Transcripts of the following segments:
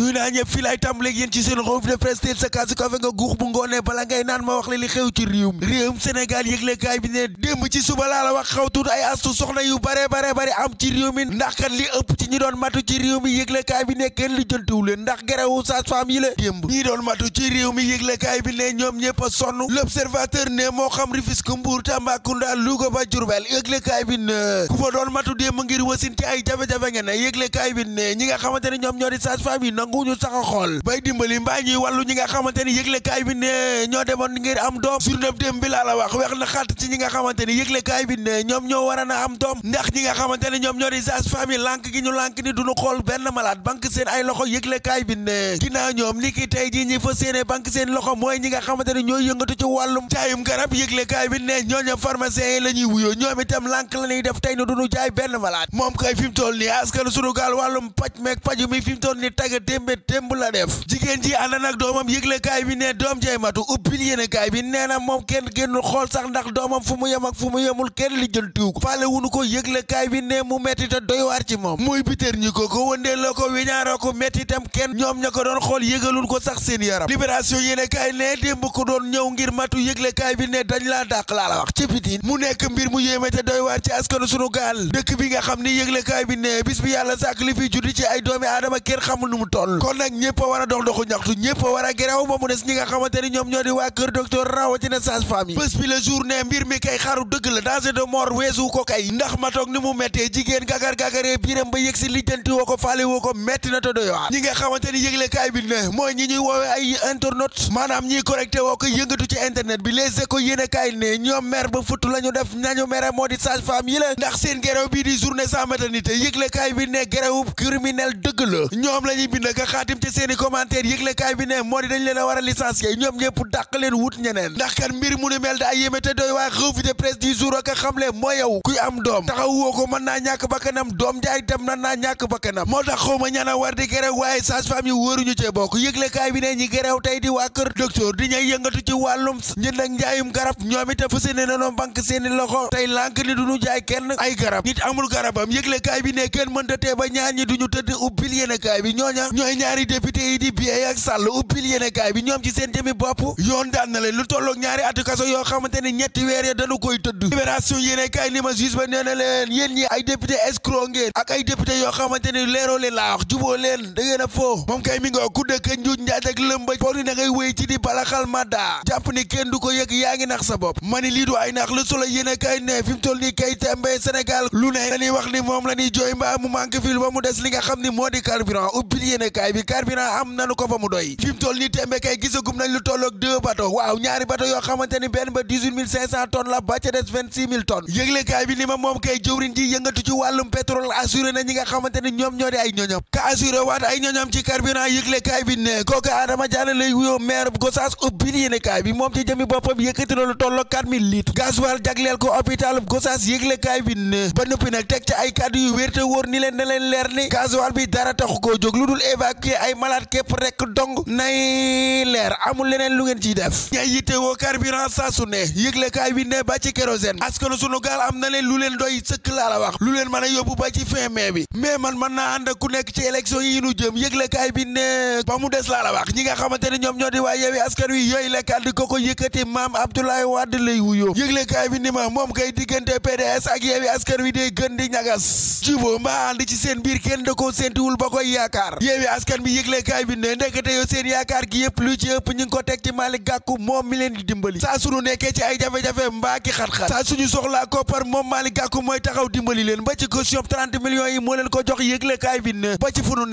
ñuy naa ñëpp fii laay tàmbaleeg yéen ci seen revue de presse teel sa kaasu kafe nga guux bu ngoonee bala ngay naan ma wax la li xew ci réew mi réewum Sénégal yëgle kaay bi ne démb ci suba laa la wax xaw tuut ay astu soxna yu bare bare bare am ci réew mi ndax kat li ëpp ci ñi doon matu ci réew mi yëgle bi ne ñoom ñëpp a sonn l'observateur ne moo xam Rufisque Mbour Tambacounda Louga ba Diourbel yëgle bi ne ku fa doon matu démb ngir wasin ci ay jafe-jafe nanguñu sax a xool bay dimbali mbaa ñuy wàllu ñi nga xamante ni yëglekaay bi ne ñoo demoon ngir am doom journée dem bi laa la wax wax na xàtt ci ñi nga xamante ni bi ne ñoom ñoo war a am doom ndax ñi nga xamante ni ñoom ñoo di sage femme yi gi ñu lank ni duñu xool benn malade banque seen ay loxo yëglekaay bi ne ginnaaw ñoom ni ki tey jii ñi fa seen loxo mooy ñi nga xamante ni ñooy yëngatu ci wàllum jaayum garab yëglekaay bi ne ñooñu pharmacien yi la ñuy wuyoo ñoom itam lànk la ñuy def tey ni duñu jaay benn malade moom kay fi mu toll nii askan sunu gaal wàllum paj meeg paju mi fi mu toll nii tàggat tembe temb la def jigéen ji ànd nag doomam yëglekaay bi ne doom jay matu uppil yéenekaay bi xool sax ndax doomam fu mu yem ak fu mu yemul kenn li jël tiw ko faale wunu ko yëglekaay bi ne mu metti te doy waar ci moom muy biteer ñi ko ko wëndeeloo ko wiñaaroo ko metti tam kenn ñoom ña ko doon xool yëgalul ko sax seen yaram libération yéenekaay ne démb ko doon ñëw ngir matu yëglekaay bi ne dañ la dàq laa la wax ci pitiin mu nekk mbir mu yéeme te doy waar ci askanu sunu gaal dëkk bi nga xam ni yëglekaay bi ne bis bi yàlla sàkk li fi juddi ci ay kon nag ñëpp a war a dox doxu ñaxtu ñëpp a war a gerew ba mu des ñi nga xamante ñoom ñoo di waa kër docteur rawatina sage-femme yi bés bi la journée mbir mi kay xaru dëgg la danger de mort weesu ko kay ndax ma toog ni mu méttee jigéen gagar-gagaree biiram ba yëg si lijjanti woo ko faale woo ko metti na te doy ñi nga xamante ni yëglekaay bi ne mooy ñi ñuy woowee ay internautes maanaam ñiy correcté woo ko yëngatu ci internet bi les échos yéenekaay ne ñoom mer la ñu def nañu moo di sage-femme yi la ndax seen gerew bii di journée sans maternité yëglekaay bi ne gerewub criminel ka xaatim ci seeni commentaire yëglekaay bi ne moo di dañ leen a war a licencier ñoom ñëpp dàq leen wut ñeneen ndax kan mbir mu ni mel da ay yéeme te doy waaye revue de presse du jour ak xamle moo yow kuy am doom taxaw woo ko mën naa ñàkk bakkanam doom jaay dem na naa ñàkk bakkanam moo tax xaw ma ñana war di gerew waaye sage-femme yi wóoruñu cee bokk yëglekaay bi ne ñi gereew tey di waa kër docteur di ñay yëngatu ci wàllum njënd ak njaayum garab ñoom itam fas yéene nañoo bank seeni loxo tey lànk ni duñu jaay kenn ay garab nit amul garabam yëglekaay bi ne kenn mënta tee ba ñaar ñi duñu tëdd ubbil yéenekaay bi ñooña ñooy ñaari député yi di Bieye ak Sall ubbil yéenekaay bi ñoom ci seen jëmi bopp yoon daan na leen lu tolloog ñaari atu yoo xamante ne ñetti weer ya dañu koy tëdd libération yéenekaay li ma juge ba nee na leen yéen ñi ay député escroc ngeen ak ay député yoo xamante ne leeroo juboo leen da ngeen a foo moom kay mi ku dëkk njuuj njaaj ak lëmba foog ni da ngay ci di balaxal madda jàpp ni kenn du ko yëg yaa ngi nax sa bopp ma ni lii du ay yéenekaay bi carburant am nanu ko fa mu doy fi toll nii tembe kay gisagum nañ lu tolloog deux bateau waaw ñaari bateau yoo xamante benn ba 18500 tonnes la ba ca des 26000 tonnes yéenekaay bi ni ma moom kay jëwriñ ji yëngatu ci wàllum pétrole assuré na ñi nga xamante ñoom ñoo di ay ñoñom ka assuré waat ay ñoñom ci carburant yéenekaay bi ne kooku Adama Diallo lay wuyoo maire Gossas ubbil bi moom ci jëmi bi ne ba noppi nag teg lu dul évacuer ay malade képp rek dong nay leer amul leneen lu ngeen ci def ñay yitte woo carburant saa su ne yëglekaay bi ne ba ci kérosène askanu sunu gaal am na leen lu leen doy sëkk laa la wax lu leen mën a yóbbu ba ci fin mai bi mais man mën naa ànd ku nekk ci élection yi nu jëm yëglekaay bi ne ba mu des laa la wax ñi nga xamante ne ñoom ñoo di waa yeewi askan wi yooyu la kàddu ko ko yëkkati maam Abdoulaye Wade lay wuyoo yëglekaay bi ni ma moom kay diggante PDS ak yeewi askan wi day gën di ñagas juboo mbaa ànd ci seen biir kenn da koo séntuwul ba koy askan bi yëgle bi ne ndekete yoo seen yaakaar yëpp lu ci ëpp ko teg ci Malick mi leen di dimbali saa suñu nekkee ci ay jafe-jafe mbaa ki xat-xat saa suñu soxlaa koppar moom Malick Gakou mooy taxaw dimbali leen ba ci millions yi moo leen ko jox yëgle kaay bi ne ba ci fu nu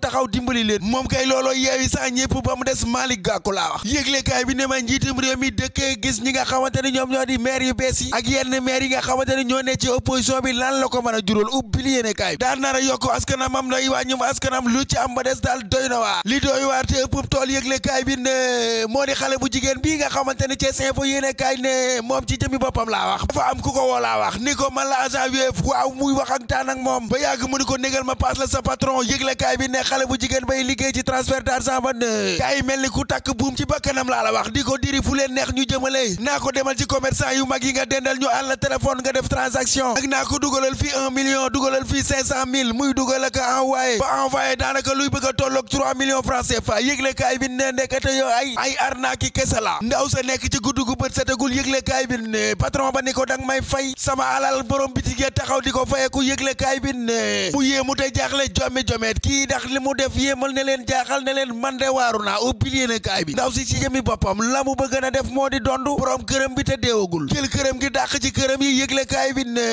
taxaw dimbali leen moom kay looloo yeewi sax ñëpp ba mu des Malick Gakou laa wax yëgle bi ne ma njiitum réew dëkkee gis ñi nga xamante ne ñoom ñoo di maire yu bees yi ak yenn maire yi nga xamante ne ñoo ne ci opposition bi lan la ko mën a jural ubbil yéene kaay bi askanamam nay wàññum askanam lu ci am ba des daal doy na li doy waar tool yëgle bi ne moo xale bu jigéen bii nga xamante ne ci info yéene kaay ne moom ci jëmi boppam laa ku ko woo laa wax ni ko man la agent wéef muy wax ak taan moom ba yàgg mu ni ko négal ma paas la sa patron ne xale bu jigéen bay liggéey ci transfert d'argent ba ne kaay mel ni ku takk buum ci bakkanam laa la wax di ko diri fu leen neex ñu jëmale naa ko demal ci commerçant yu mag yi nga dendal ñu àll téléphone nga def transaction ak naa ko dugalal fii un million dugalal fii cinq cent mille muy dugal fa la envoyé daanaka luy bëgg a tolloog 3 millions francs CFA yëglekaay bi ne ndekete yow ay ay arnaque kese la ndaw sa nekk ci gudd gu bët setagul yëglekaay bi ne patron ba ni ko dang may fay sama alal borom bitig ya taxaw di ko fayeku yëglekaay bi ne mu yéemu te jaaxle jomi jomeet kii ndax li mu def yéemal ne leen jaaxal ne leen man de waaru naa oublié na kaay bi ndaw si ci jëmi boppam la mu bëgg na def moo di dondu borom këram bi te deewagul jël këram gi dàq ci këram yi yëglekaay bi ne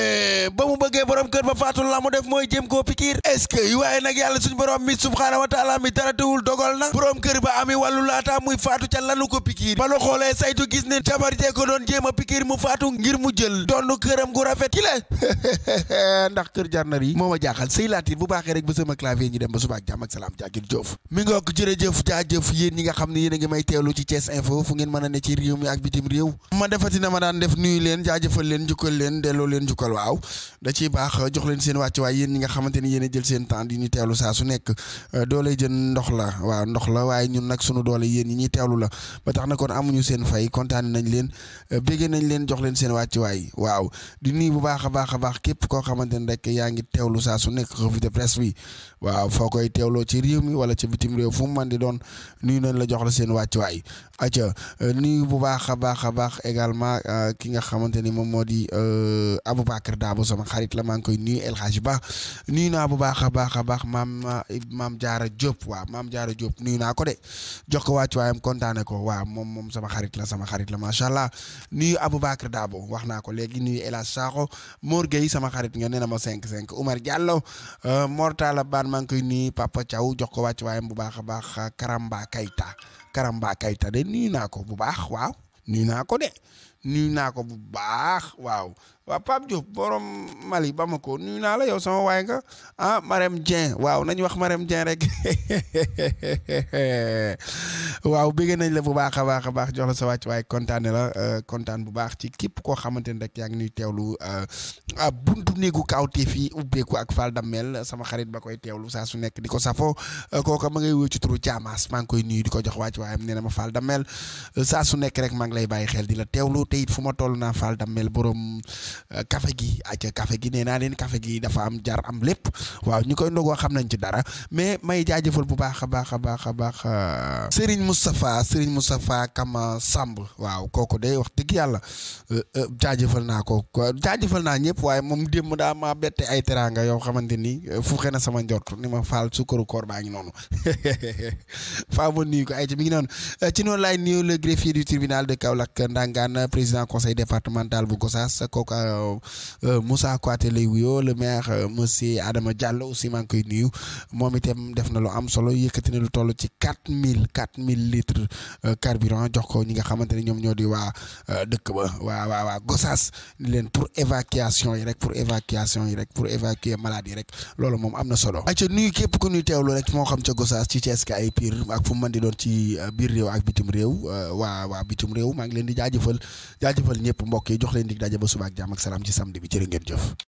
ba mu bëggee borom kër ba faatu la mu def mooy est ce que nag yàlla suñu borom mi subhaanahu wa taala mi dara teewul dogal na borom kër ba ami wàllu laata muy faatu ca lanu ko pikiir ba xoolee saytu gis ne jabar jee ko doon jéem a pikiir mu faatu mu jël doon këram gu rafet ki la ndax kër jànnar yi moo ma jaaxal sëy laatin bu baaxee rek ba sama clavier ñu dem ba suba ak jàmm ak salaam jaagir joof mi nga ko jërëjëf jaajëf yéen ñi nga xam ne yéen may teewlu ci Thiès Info ngeen mën ne ci na ma daan def nuyu leen jaajëfal leen njukkal leen delloo leen njukkal waaw da ciy baax jox leen seen wàccuwaay yéen ñi nga xamante ni yéen a jël seen temps di ñu teelu saa su nekk euh, doo lay jën ndox la waaw ndox la waaye ñun ak sunu doole yéen ñi ñuy teewlu la ba tax na kon amuñu seen fay kontaan nañ leen euh, béggee nañ leen jox leen seen wàccuwaay waaw di nuy bu baax a baax a baax képp koo xamante ne rek yaa ngi teewlu saa su nekk revue de presse bi waaw foo koy teewloo ci réew mi wala ci bitim réew fu mu mën di doon nuyu nañ la jox la seen wàccuwaay aca euh, nuyu bu baax a baax a baax également euh, ki nga xamante ni moom moo di daa Dabo sama xarit la maa ngi koy nuyu El Ba nuyu baax a baax a baax maam maam Jaara Diop jox ko wàccu waayam kontaane ko waaw moom moom sama xarit la sama xarit la macha allah nuyu Aboubacar Dabo wax naa ko léegi nuyu El Hadj Sakho Mor Gueye sama xarit nga nee na ma 5-5 Oumar Diallo euh, Mortala Baan maa ngi koy nuyu Papa Thiaw jox ko wàccu waayam bu baax a baax Karamba Kayta Karamba Kayta de nuyu naa ko bu baax waaw nuyu naa ko de nuyu naa ko bu baax waaw waaw Pape Diop boroom Mali Bamako nuyu naa la yow sama waay nga ah Marème Dieng waaw nañ wax Marème Dieng rek waaw bëgg nañ la bu baax a baax a baax jox la sa wàcc waaye kontaane la euh, kontaan bu baax ci kipp koo xamante ne rek yaa ngi nuy teewlu euh, buntu néegu kawte fii ubbeeku ak Fall Dammel sama xarit ba koy teewlu saa su nekk di ko safoo euh, kooka ma ngay wéy ci turu Thiamas maa ngi koy nuyu di ko jox wàcc waaye nee na ma Fall Dammel saa su nekk rek maa ngi lay bàyyi xel di la teewlu te it fu ma toll naa Fall Dammel borom. kafe euh, gi aca kafe gi nee naa leen kafe gi dafa am jar am lépp waaw ñu koy ndogoo xam nañ ci dara mais may jaajëfal bu baax a baax a baax a baax euh, Serigne Moustapha Serigne Moustapha Kama Samb waaw kooku day wax dëgg yàlla euh, jaajëfal naa ko jaajëfal naa ñëpp waaye moom démb daa maa bette ay teraanga yoo xamante ni fu xëy na sama njort ni ma faal sukkaru koor baa ngi noonu faa ma nuyu ko ay ci mi ngi noonu ci noonu laay nuyu le greffier du tribunal de Kaolack Ndangaan président conseil départemental Moussa euh, euh, Moussa Kouaté lay wuyoo le maire euh, monsieur Adama Diallo aussi maa ngi koy nuyu moom itam def na lu am solo yëkkati na lu toll ci quatre mille quatre mille litres carburant jox ko ñi nga xamante ne ñoom ñoo di waa dëkk ba waa waa waa Gossas ni leen pour évacuation yi rek pour évacuation yi rek pour évacuer malade yi rek loolu moom am na solo. ayca nuyu képp ku ñuy teewlu rek moo xam ca Gossas ci Thiès ka ay piir ak fu mu mën di doon ci biir réew ak bitim réew waa waa bitim réew maa ngi leen di jaajëfal jaajëfal ñëpp mbokk yi jox leen di daje ba suba ak salaam ci samedi bi jërë ngeen